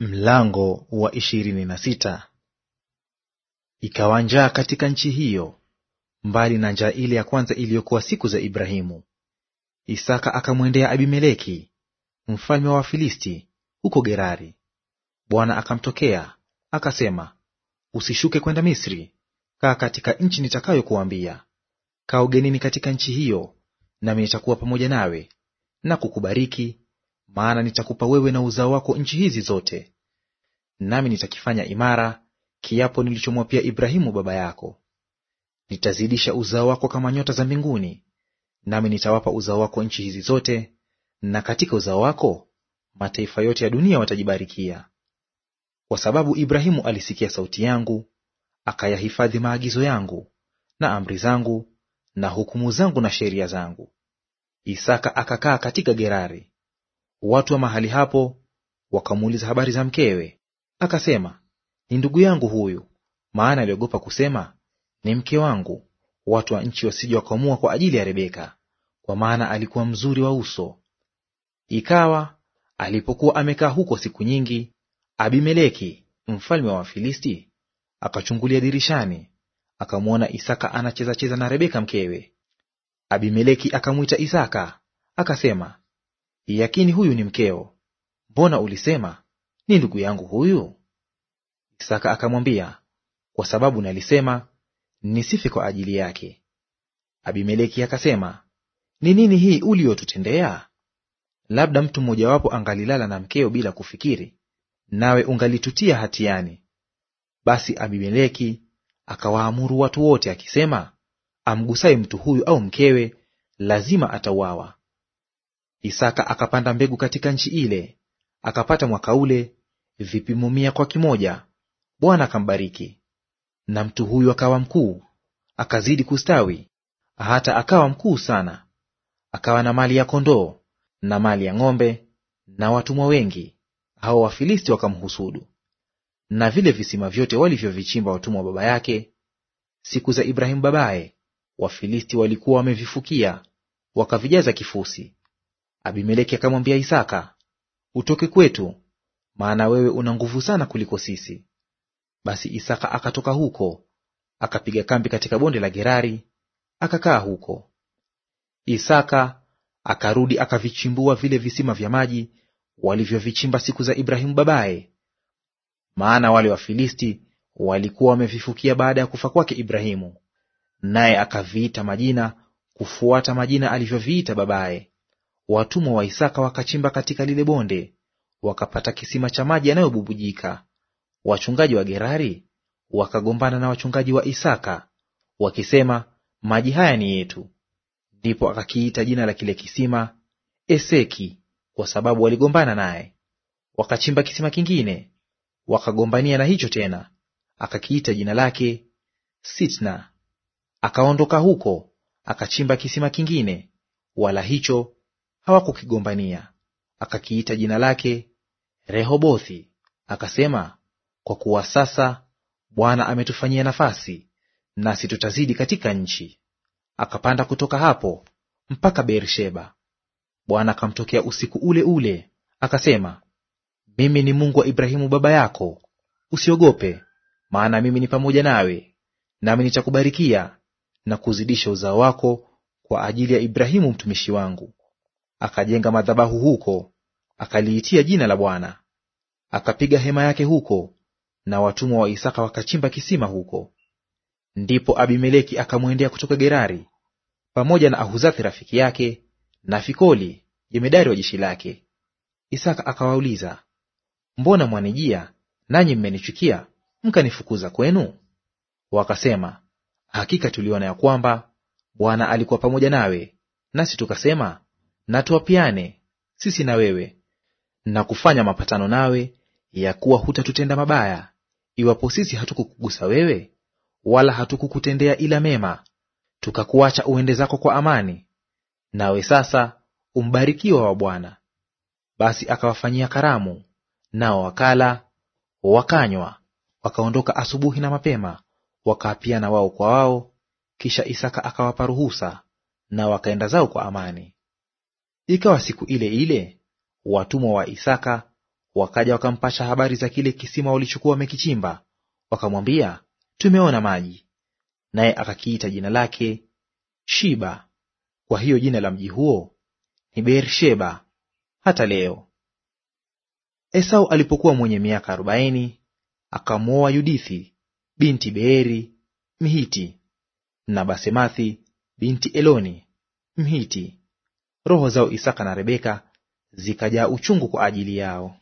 Mlango wa ishirini na sita. Ikawa njaa katika nchi hiyo, mbali na njaa ile ya kwanza iliyokuwa siku za Ibrahimu. Isaka akamwendea Abimeleki mfalme wa Wafilisti huko Gerari. Bwana akamtokea akasema, usishuke kwenda Misri, kaa katika nchi nitakayokuambia. Kaa ugenini katika nchi hiyo, nami nitakuwa pamoja nawe na kukubariki maana nitakupa wewe na uzao wako nchi hizi zote, nami nitakifanya imara kiapo nilichomwapia Ibrahimu baba yako. Nitazidisha uzao wako kama nyota za mbinguni, nami nitawapa uzao wako nchi hizi zote, na katika uzao wako mataifa yote ya dunia watajibarikia. Kwa sababu Ibrahimu alisikia sauti yangu, akayahifadhi maagizo yangu na amri zangu na hukumu zangu na sheria zangu. Isaka akakaa katika Gerari, Watu wa mahali hapo wakamuuliza habari za mkewe, akasema, ni ndugu yangu huyu, maana aliogopa kusema, ni mke wangu, watu wa nchi wasije wakaamua kwa ajili ya Rebeka, kwa maana alikuwa mzuri wa uso. Ikawa alipokuwa amekaa huko siku nyingi, Abimeleki mfalme wa Wafilisti akachungulia dirishani, akamwona Isaka anachezacheza na Rebeka mkewe. Abimeleki akamwita Isaka akasema, yakini huyu ni mkeo, mbona ulisema ni ndugu yangu huyu? Isaka akamwambia, kwa sababu nalisema nisife kwa ajili yake. Abimeleki akasema, ni nini hii uliyotutendea? Labda mtu mmojawapo angalilala na mkeo bila kufikiri, nawe ungalitutia hatiani. Basi Abimeleki akawaamuru watu wote akisema, amgusaye mtu huyu au mkewe lazima atauawa. Isaka akapanda mbegu katika nchi ile, akapata mwaka ule vipimo mia kwa kimoja, Bwana akambariki. Na mtu huyu akawa mkuu, akazidi kustawi, hata akawa mkuu sana. Akawa na mali ya kondoo na mali ya ng'ombe na watumwa wengi, hao Wafilisti wakamhusudu. Na vile visima vyote walivyovichimba watumwa baba yake siku za Ibrahimu babaye, Wafilisti walikuwa wamevifukia, wakavijaza kifusi. Abimeleki akamwambia Isaka, utoke kwetu, maana wewe una nguvu sana kuliko sisi. Basi Isaka akatoka huko, akapiga kambi katika bonde la Gerari, akakaa huko. Isaka akarudi akavichimbua vile visima vya maji walivyovichimba siku za Ibrahimu babaye, maana wale Wafilisti walikuwa wamevifukia baada ya kufa kwake Ibrahimu, naye akaviita majina kufuata majina alivyoviita babaye watumwa wa Isaka wakachimba katika lile bonde, wakapata kisima cha maji yanayobubujika. Wachungaji wa Gerari wakagombana na wachungaji wa Isaka wakisema, maji haya ni yetu. Ndipo akakiita jina la kile kisima Eseki, kwa sababu waligombana naye. Wakachimba kisima kingine, wakagombania na hicho tena, akakiita jina lake Sitna. Akaondoka huko akachimba kisima kingine, wala hicho hawakukigombania. Akakiita jina lake Rehobothi, akasema, kwa kuwa sasa Bwana ametufanyia nafasi, nasi tutazidi katika nchi. Akapanda kutoka hapo mpaka Beersheba. Bwana akamtokea usiku ule ule, akasema, mimi ni Mungu wa Ibrahimu baba yako, usiogope, maana mimi ni pamoja nawe, nami nitakubarikia na kuzidisha uzao wako kwa ajili ya Ibrahimu mtumishi wangu akajenga madhabahu huko, akaliitia jina la Bwana. Akapiga hema yake huko, na watumwa wa Isaka wakachimba kisima huko. Ndipo Abimeleki akamwendea kutoka Gerari pamoja na Ahuzathi rafiki yake na Fikoli jemedari wa jeshi lake. Isaka akawauliza, mbona mwanijia nanyi mmenichukia mkanifukuza kwenu? Wakasema, hakika tuliona ya kwamba Bwana alikuwa pamoja nawe, nasi tukasema na tuapiane sisi na wewe, na kufanya mapatano nawe ya kuwa hutatutenda mabaya, iwapo sisi hatukukugusa wewe, wala hatukukutendea ila mema, tukakuacha uende zako kwa amani. Nawe sasa umbarikiwa wa Bwana. Basi akawafanyia karamu, nao wakala wakanywa, wakaondoka asubuhi na mapema, wakaapiana wao kwa wao. Kisha Isaka akawapa ruhusa, nao wakaenda zao kwa amani. Ikawa siku ile ile watumwa wa Isaka wakaja wakampasha habari za kile kisima walichokuwa wamekichimba, wakamwambia, tumeona maji. Naye akakiita jina lake Shiba, kwa hiyo jina la mji huo ni Beersheba hata leo. Esau alipokuwa mwenye miaka arobaini akamwoa Yudithi binti Beeri Mhiti na Basemathi binti Eloni Mhiti roho zao Isaka na Rebeka zikajaa uchungu kwa ajili yao.